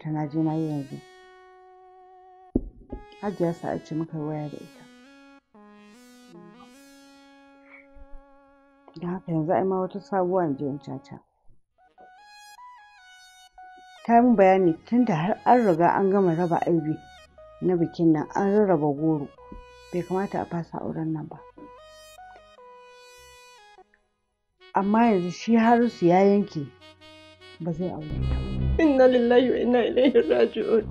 ta na je na yi yanzu hajiya a ce muka waya da ita da haka yanzu ai ma wata sabuwa in je in caca ta min bayani tunda har an riga an gama raba aibi na bikin nan an rarraba goro bai kamata a fasa auren nan ba amma yanzu shi har su ya yanke ba zai aure ta ba inna lillahi wa inna ilaihi raji'un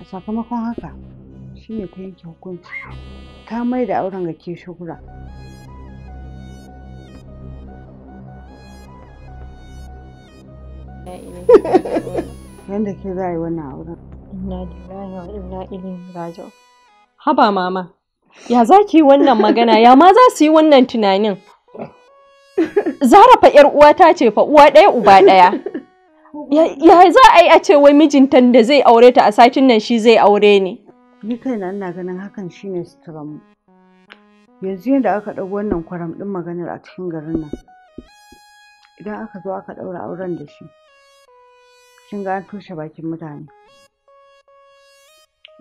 a sakamakon haka shine ta yanke hukunci ta mai da auren ga ke shugura Yanda ke za a yi wannan auren inna lillahi wa inna ilaihi raji'un haba mama ya za ki yi wannan magana ya ma za su yi wannan tunanin zara fa 'yar uwata ce fa uwa ɗaya uba ɗaya ya za a yi a ce wai mijinta da zai aure ta a satin nan shi zai aure ni ni kaina ina ganin hakan shi shine mu. yanzu yadda aka ɗau wannan kwaram ɗin maganar a cikin garin nan idan aka zo aka ɗaura auren da shi kin ga an toshe bakin mutane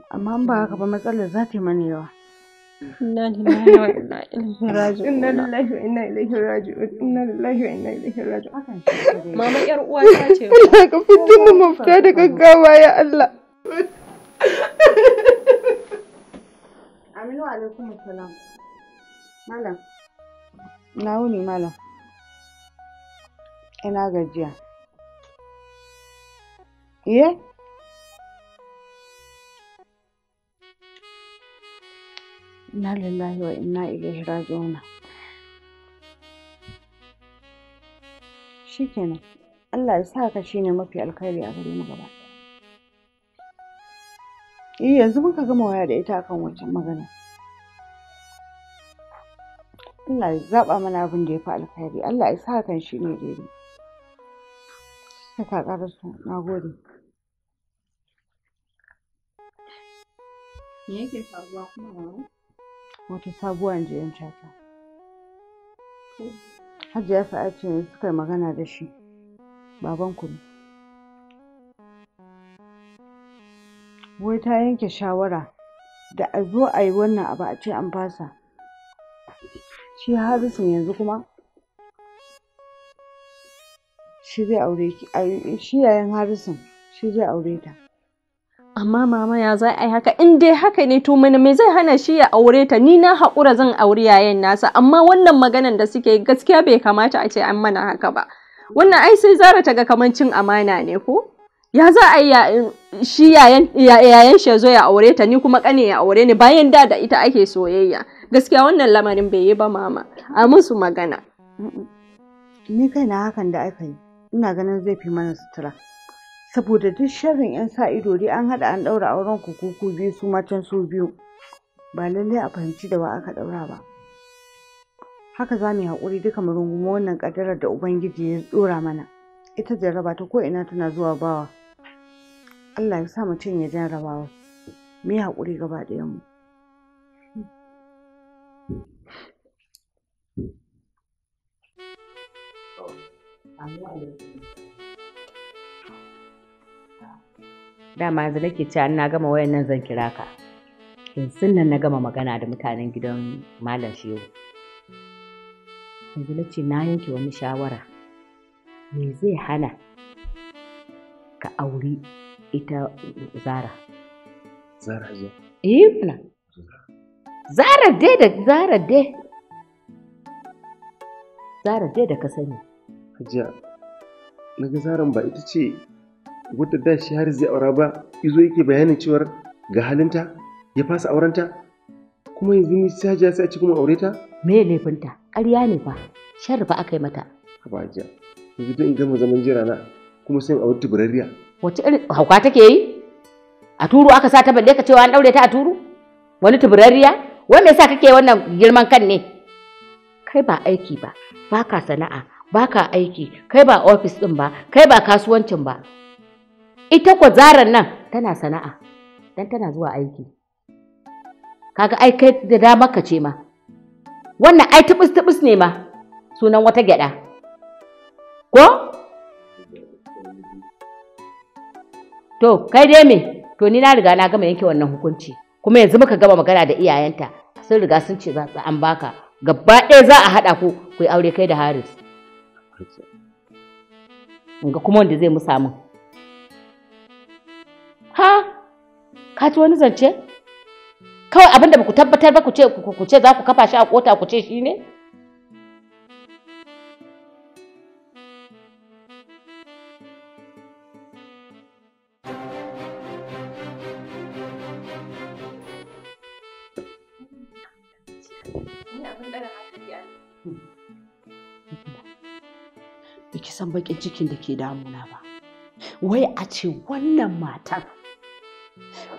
amma in ba haka ba matsalar za ta yi mana yawa inna lillahi wa inna ilaihi raji'un inna lillahi wa inna ilaihi raji'un mama yar uwa ta ce Allah ka mu mafita da gaggawa ya Allah Aminu alaikum salam malam na wuni malam ina gajiya inna lillahi wa inna ilaihi raji'un shikenan Allah ya sa ka shine mafi alkhairi a gare mu gaba eh yanzu muka gama waya da ita akan wancan magana Allah ya zaba mana abin da ya fi alkhairi Allah ya sa kan shine daidai ka karasu na gode me yake faruwa kuma wata sabuwa in ji hajiya ce suka yi magana da shi baban ku wai ta yanke shawara da a zo a yi wannan abu a ce an fasa shi harisun yanzu kuma shi zai aure shi yayin harisun shi zai aure ta amma mama ya za a yi haka in dai haka ne to mana me zai hana shi ya aure ta ni na haƙura zan auri yayan nasa amma wannan maganan da suke gaskiya bai kamata a ce an mana haka ba wannan ai sai zara ta ga kaman cin amana ne ko ya za a yi shi yayan shi ya zo ya aure ta ni kuma kane ya aure ni bayan da da ita ake soyayya gaskiya wannan lamarin bai yi ba mama a musu magana ni kai na hakan da aka yi ina ganin zai fi mana sutura saboda duk shirin 'yan sa ido dai an haɗa an ɗaura auren ku kuku biyu su matan su biyu ba lallai a fahimci da ba aka ɗaura ba haka za mu yi haƙuri duka mu rungumi wannan ƙaddarar da ubangiji ya ɗora mana ita jarraba ta ko'ina tana zuwa bawa allah ya sa mutum ya jarrabawa mu yi haƙuri gaba ɗayanmu Thank you. dama yanzu nake cewa na gama wayan nan zan kira ka yanzun nan na gama magana da mutanen gidan malam shehu yanzu na na yanke wani shawara me zai hana ka auri ita zara zara zo eh na zara dai da zara dai zara dai da ka sani hajiya na ga zaran ba ita ce Wata da shi har zai aura ba izo yake bayanin cewar ga halinta ya fasa aurenta kuma yanzu ni sajiya sai a ci kuma aure ta me laifinta ƙarya ne fa sharri fa aka yi mata abaja yanzu don in gama zaman jira na kuma sai in aure tuburariya wace irin hauka take yi a turu aka sa ta balle ka cewa an daure ta a turu wani tuburariya wai me yasa kake wannan girman kan ne kai ba aiki ba baka sana'a baka aiki kai ba ofis din ba kai ba kasuwancin ba ita kwazaran nan tana sana'a dan tana zuwa aiki kaga ai kai da dama ka ce ma wannan ai tubus tubus ne ma sunan wata gyada ko to kai dai me to ni na riga na gama yanke wannan hukunci kuma yanzu muka gama magana da iyayenta sun riga sun ce za su an baka gaba ɗaya za a haɗa ku ku yi aure kai da haris ga kuma wanda zai musa min ka ji wani zance kawai abinda ba ku tabbatar ba ku ce ku ce za ku kafa shi a kota ku ce shi ne ki san baƙin cikin da ke damuna ba. Wai a ce wannan matar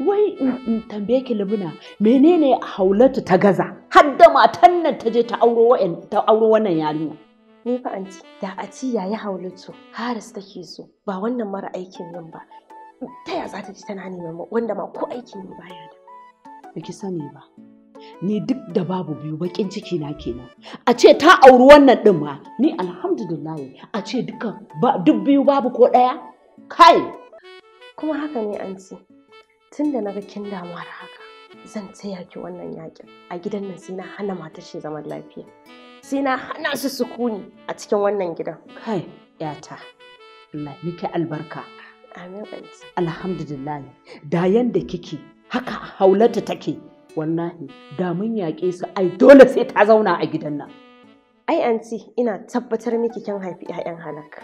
wai in tambaye ki libina menene haulatu ta gaza har da matan nan ta je ta auro wannan yarinya ni fa anti da a ci yayi haulatu haris take so ba wannan mara aikin nan ba ta ya za ta ji tana neman wanda ma ko aikin ne baya da Ba ki sani ba ni duk da babu biyu bakin ciki na kenan a ce ta auri wannan din ma ni alhamdulillah a ce duka duk biyu babu ko daya kai kuma haka ne anti tun da na ga kin damuwa da haka zan taya ki wannan yakin a gidan nan sai na hana matar shi zaman lafiya sai na hana su sukuni a cikin wannan gidan kai yata Allah miki albarka amin alhamdulillah da yanda kike haka haulata take wallahi da mun yaƙe su ai dole sai ta zauna a gidan nan ai anti ina tabbatar miki kin haifi ƴaƴan halak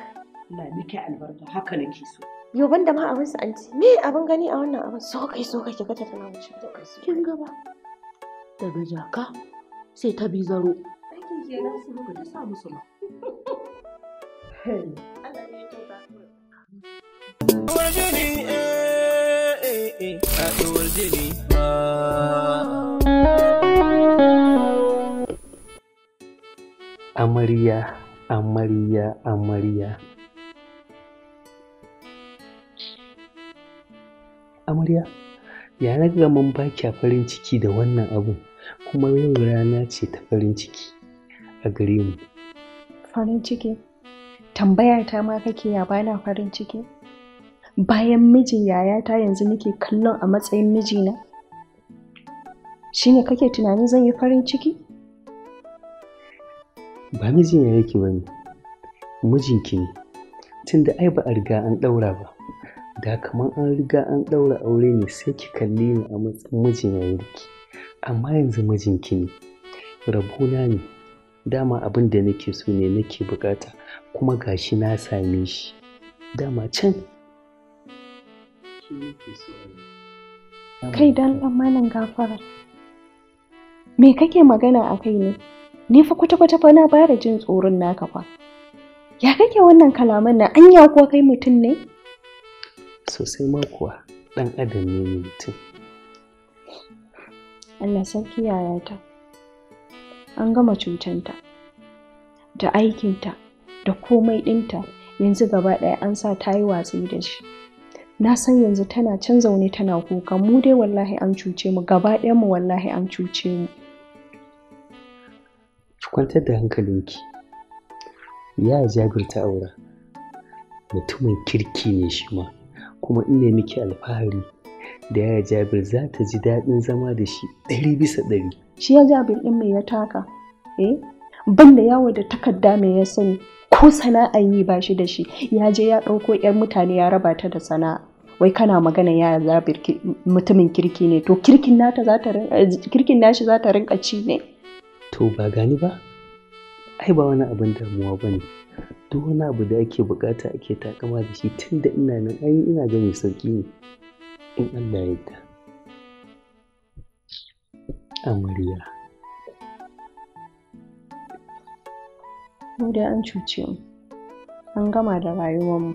Allah miki albarka haka nake so yau ban da ma abin sa anti me abin gani a wannan abin so kai so kai kiga ta tana wuce kin ga daga jaka sai ta bi zaro aikin ke su ta sa musu ma. Amarya, amarya, amarya. amarya ya na ga ba baki farin ciki da wannan abun kuma yau rana ce ta farin ciki a gare mu farin ciki tambayar ta ma kake ya bana farin ciki bayan mijin yayata yanzu nake kallon a matsayin mijina shine kake tunanin zan yi farin ciki ba ya yake ba mijinki ne tunda ai ba a riga an ɗaura ba da kamar an riga an ɗaura aure ne sai ki kalli ni a matsayin mijin yanki amma yanzu mijinki ne rabona ne dama abin da nake so ne nake bukata kuma gashi na same shi dama can kai dan tsammanin gafara me kake magana a kai ne ni fa kwata-kwata fa na bara jin tsoron naka fa ya kake wannan kalaman na anya ko kai mutum ne sosai ma kuwa ɗan adam ne mai mutum allah sarki yayata an gama cutanta da aikinta da komai ɗinta yanzu gaba ɗaya an sa ta yi watsi da shi na san yanzu tana can zaune tana kuka mu dai wallahi an cuce mu gaba ɗayan mu wallahi an cuce mu ki kwantar da hankalinki ya jagirta aura mutumin kirki ne shi ma kuma in ne miki alfahari da yaya jabir za ta ji daɗin zama da shi ɗari bisa ɗari shi ya jabir ɗin mai ya taka eh ban da yawo da takarda mai ya sani ko sana'a yi ba shi da shi ya je ya ɗauko 'yar mutane ya raba ta da sana'a wai kana magana ya zabir mutumin kirki ne to kirkin eh, nashi za ta rinka ci ne to ba gani ba ai ba wani abin damuwa ba ne duk wani abu da ake bukata ake takama da shi tun da ina nan an ina ga mai sauki ne in Allah ya yarda amarya mu da an cuce mu an gama da rayuwar mu.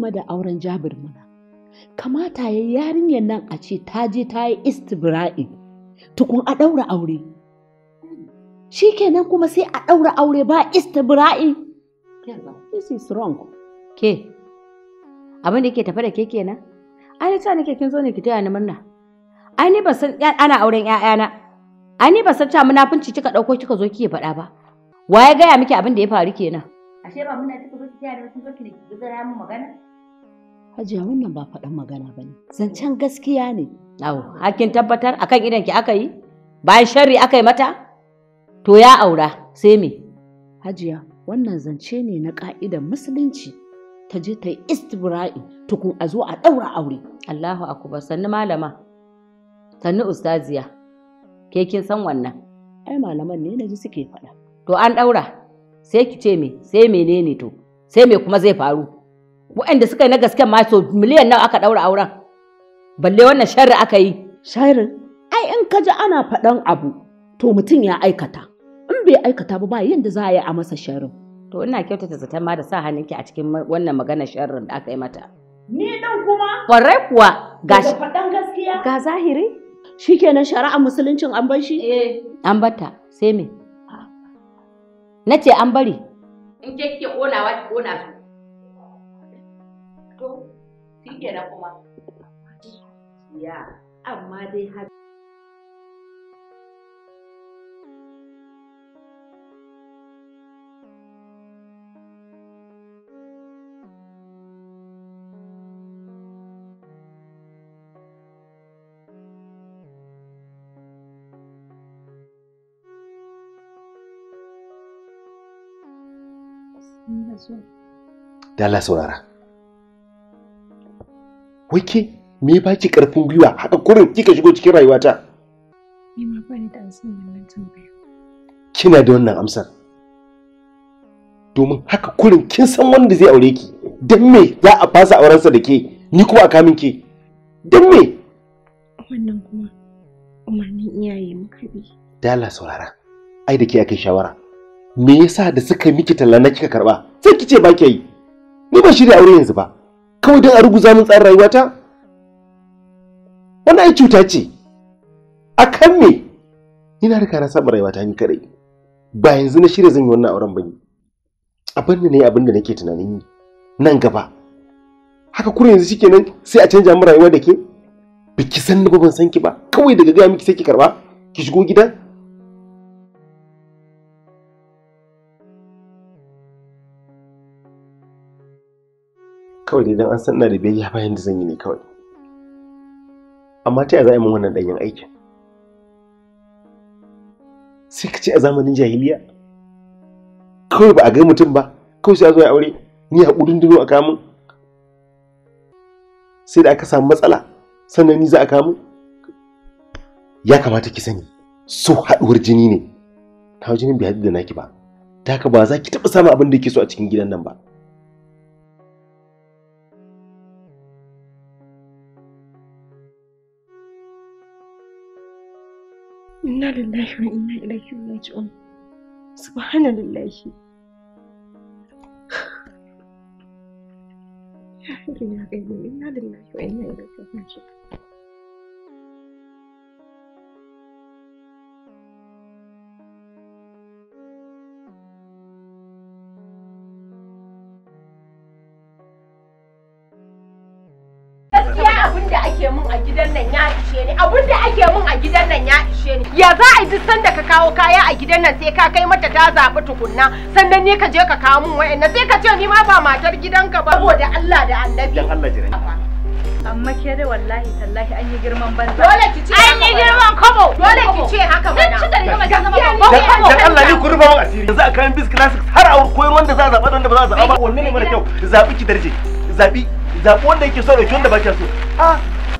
game da auren jabir muna kamata ya yarinyar nan a ce ta je ta yi istibra'i tukun a ɗaura aure shi kenan kuma sai a ɗaura aure ba istibra'i this is wrong ke abin da ke tafi da ke kenan ai ta nake kin zo ne ki taya ni murna ai ni ba san ana auren ƴaƴana ai ni ba san ta munafunci kika ɗauko kika zo kike faɗa ba waye gaya miki abin da ya faru kenan ashe ba muna kika zo ki taya ni sun zo ki zira mu magana hajiya wannan ba faɗan magana ba ne zancen gaskiya ne au hakin tabbatar akan kan ki aka yi bayan sharri aka yi mata to ya aura sai me hajiya wannan zance ne na ƙa'ida musulunci ta je ta yi istibra'i tukun a zo a ɗaura aure Allahu akubar sannu malama sannu ustaziya ke kin san wannan ai malaman ne ji suke faɗa to an ɗaura sai ki ce me sai menene to sai me kuma zai faru waɗanda suka yi na gaske ma so miliyan nawa aka ɗaura auren balle wannan sharri aka yi sharri ai in ka ji ana faɗan abu to mutum ya aikata in bai aikata ba ba yadda za a yi a masa sharrin to ina kyautata zaton ma da sa hannunki a cikin wannan maganar sharrin da aka yi mata ni din kuma kwarai kuwa ga faɗan gaskiya ga zahiri shikenan shari'a musuluncin an bar shi eh an bata sai me ah. nace an bari in ke kike ƙonawa ki ƙona su To, shi kenan kuma. Ya, amma dai har da Allah saurara wai me ba ki karfin gwiwa haka kurin kika shigo cikin rayuwata ni ma ba ni da amsar wannan tambayar kina da wannan amsar domin haka kurin kin san wanda zai aure ki dan me za a fasa aurensa da ke ni kuma a kamin ke dan me wannan kuma umarnin iyaye muka bi dala saurara ai da ke akai shawara me yasa da suka miki talla na kika karba sai kice ba ki yi ni ba shirya aure yanzu ba kawai don a ruguza min tsarin rayuwata wannan ai cuta ce a kan me ina rika na saba rayuwata ni kadai ba yanzu na shirya zan yi wannan auren bane abin da ne abin da nake tunanin yi nan gaba haka kuma yanzu nan sai a canja min rayuwa da ke biki san ni ba ban san ki ba kawai daga gaya miki sai ki karba ki shigo gidan kawai dai dan an san ina da biyayya bayan da zan yi ne kawai amma ta yaya za a yi min wannan ɗanyen aikin sai ka ce a zamanin jahiliya kawai ba a ga mutum ba kawai sai a zo ya aure ni a ƙudin dino a kamun sai da aka samu matsala sannan ni za a kamun ya kamata ki sani so haɗuwar jini ne ta jinin bai haɗu da naki ba ta haka ba za ki taɓa samun abin da ke so a cikin gidan nan ba inna lillahi wa inna ilaihi raji'un subhanallahi ya hakuri ya kai inna lillahi wa inna ilaihi raji'un abin da ake mun a gidan nan ya ishe ni abun da ake mun a gidan nan ya ishe ni ya za a duk sanda ka kawo kaya a gidan nan sai ka kai mata ta zaɓi tukunna sannan ne ka je ka kawo mun wa'annan sai ka ce ni ma ba matar gidanka ba saboda Allah da annabi dan Allah jira amma ke dai wallahi tallahi an yi girman banza dole ki ce an yi girman kobo dole ki ce haka mana dan cika rigama ta zama babban dan Allah ni ku rufa mun asiri yanzu a kan bis classics har a koyar wanda za a zaɓa wanda ba za a zaɓa ba wanne ne mara kyau zaɓi ki darje zaɓi zaɓi wanda yake so da wanda ba ki so ah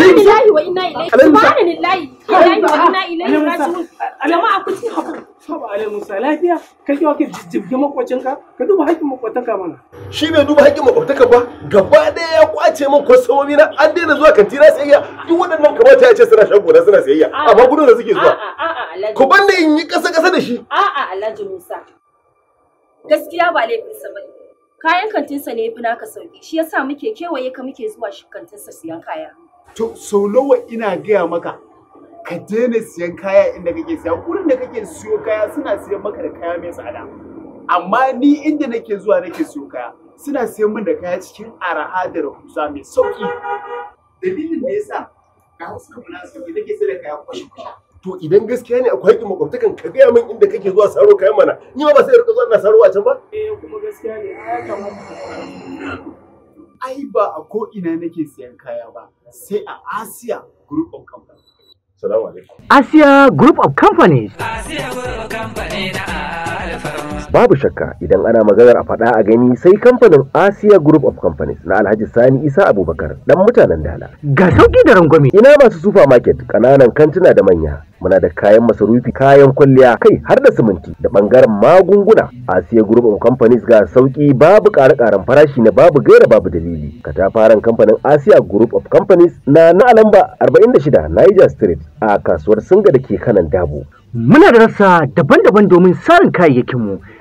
inna lillahi wa inna ilaihi subhanallahi lillahi wa inna ilaihi raji'un jama'a ku ci hakuri saba alai musa lafiya ka kiwa jijjibge makwacinka ka duba haƙƙin makwataka mana shi bai duba haƙƙin makwataka ba gaba ɗaya ya kwace min kwasomomi na an daina zuwa kantina sayayya duk waɗannan kamata ya ce suna shan gona suna sayayya amma gudun da suke zuwa ku ban in yi ƙasa ƙasa da shi a'a alhaji musa gaskiya ba laifinsa ba kayan kantinsa ne ya fi naka sauki shi yasa muke kewaye ka muke zuwa kantinsa siyan kaya to so nawa ina gaya maka ka daina siyan kaya inda kake siya wurin da kake siyo kaya suna siyan maka da kaya mai tsada amma ni inda nake zuwa nake siyo kaya suna siyan min da kaya cikin araha da rahusa mai sauki dalilin da yasa ka hausa na sauki nake siyan da kaya kwashe kwashe to idan gaskiya ne akwai haƙƙin makwabtakan ka gaya min inda kake zuwa saro kayan mana ni ma ba sai rika zuwa na saro a can ba eh kuma gaskiya ne ya kamata ai ba a ko ina nake siyan kaya ba sai a Asia Group of Companies. Salamu alaikum. Asia Group of Companies. Asia Group of Companies babu shakka idan ana maganar a faɗa a gani sai kamfanin Asia Group of Companies na Alhaji Sani Isa Abubakar dan mutanen Dala. Ga sauki da rangwame. Ina masu supermarket kananan kantuna da manya muna da kayan masarufi kayan kwalliya kai har da siminti da bangaren magunguna Asia Group of Companies ga sauki babu ƙare ƙaran farashi na babu gaira babu dalili. Katafaren kamfanin Asia Group of Companies na na Alamba 46 Niger Street a kasuwar Singa da ke kanan Dabo. Muna da rassa daban-daban domin sarin kayayyakinmu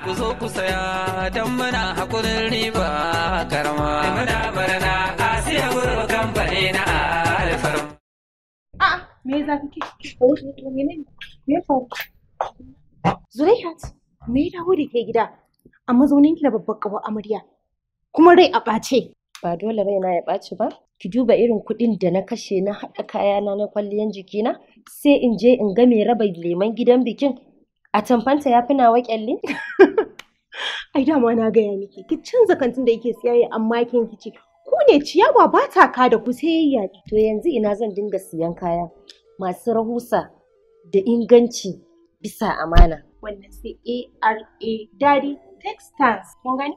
ku zo ku saya don muna hakurin riba karama. Muna barna siya Gurba kamfani na alfarma. A'a, me za ka ke? Me ya faru? Zulaihat, me ya dawo da ke gida a mazaunin ki da babbar kawo amarya kuma rai a ɓace. Ba dole raina ya ɓace ba, ki duba irin kuɗin da na kashe na haɗa kayana na kwalliyan jikina sai in je in ga mai raba leman gidan bikin a tamfanta ya fi nawa kyalle ai dama na gaya miki ki canza kantin da yake siyayya amma kin ce, ku ne ciyawa ba ta ka da ku sai to yanzu ina zan dinga siyan kaya masu rahusa da inganci bisa amana wannan sai ARA Daddy Textiles kun gani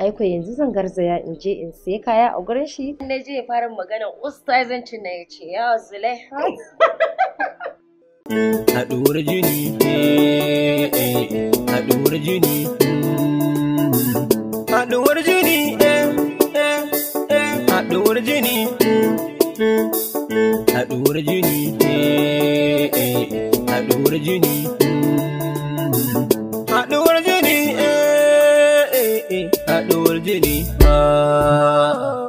aiko yanzu zan garzaya in je in sai kaya a gurin shi na je fara magana Ustazanci na ya ce ya zule haɗuwar jini eh, eh, haɗuwar jini hmm. haɗuwar jini eh, haɗuwar jini hmm. haɗuwar jini haɗuwar jini Allah.